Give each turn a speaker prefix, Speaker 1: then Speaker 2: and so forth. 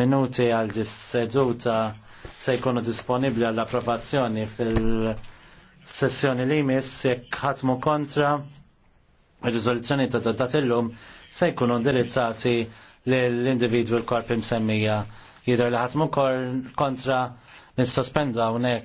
Speaker 1: minuti għal dis-seduta se jkunu disponibli għall approvazzjoni fil-sessjoni li jmiss jekk ħatmu kontra ir-riżoluzzjoni ta' dat illum se jkunu indirizzati lill-individwi l-korp imsemmija jidher li ħatmu kontra nissospenda hawnhekk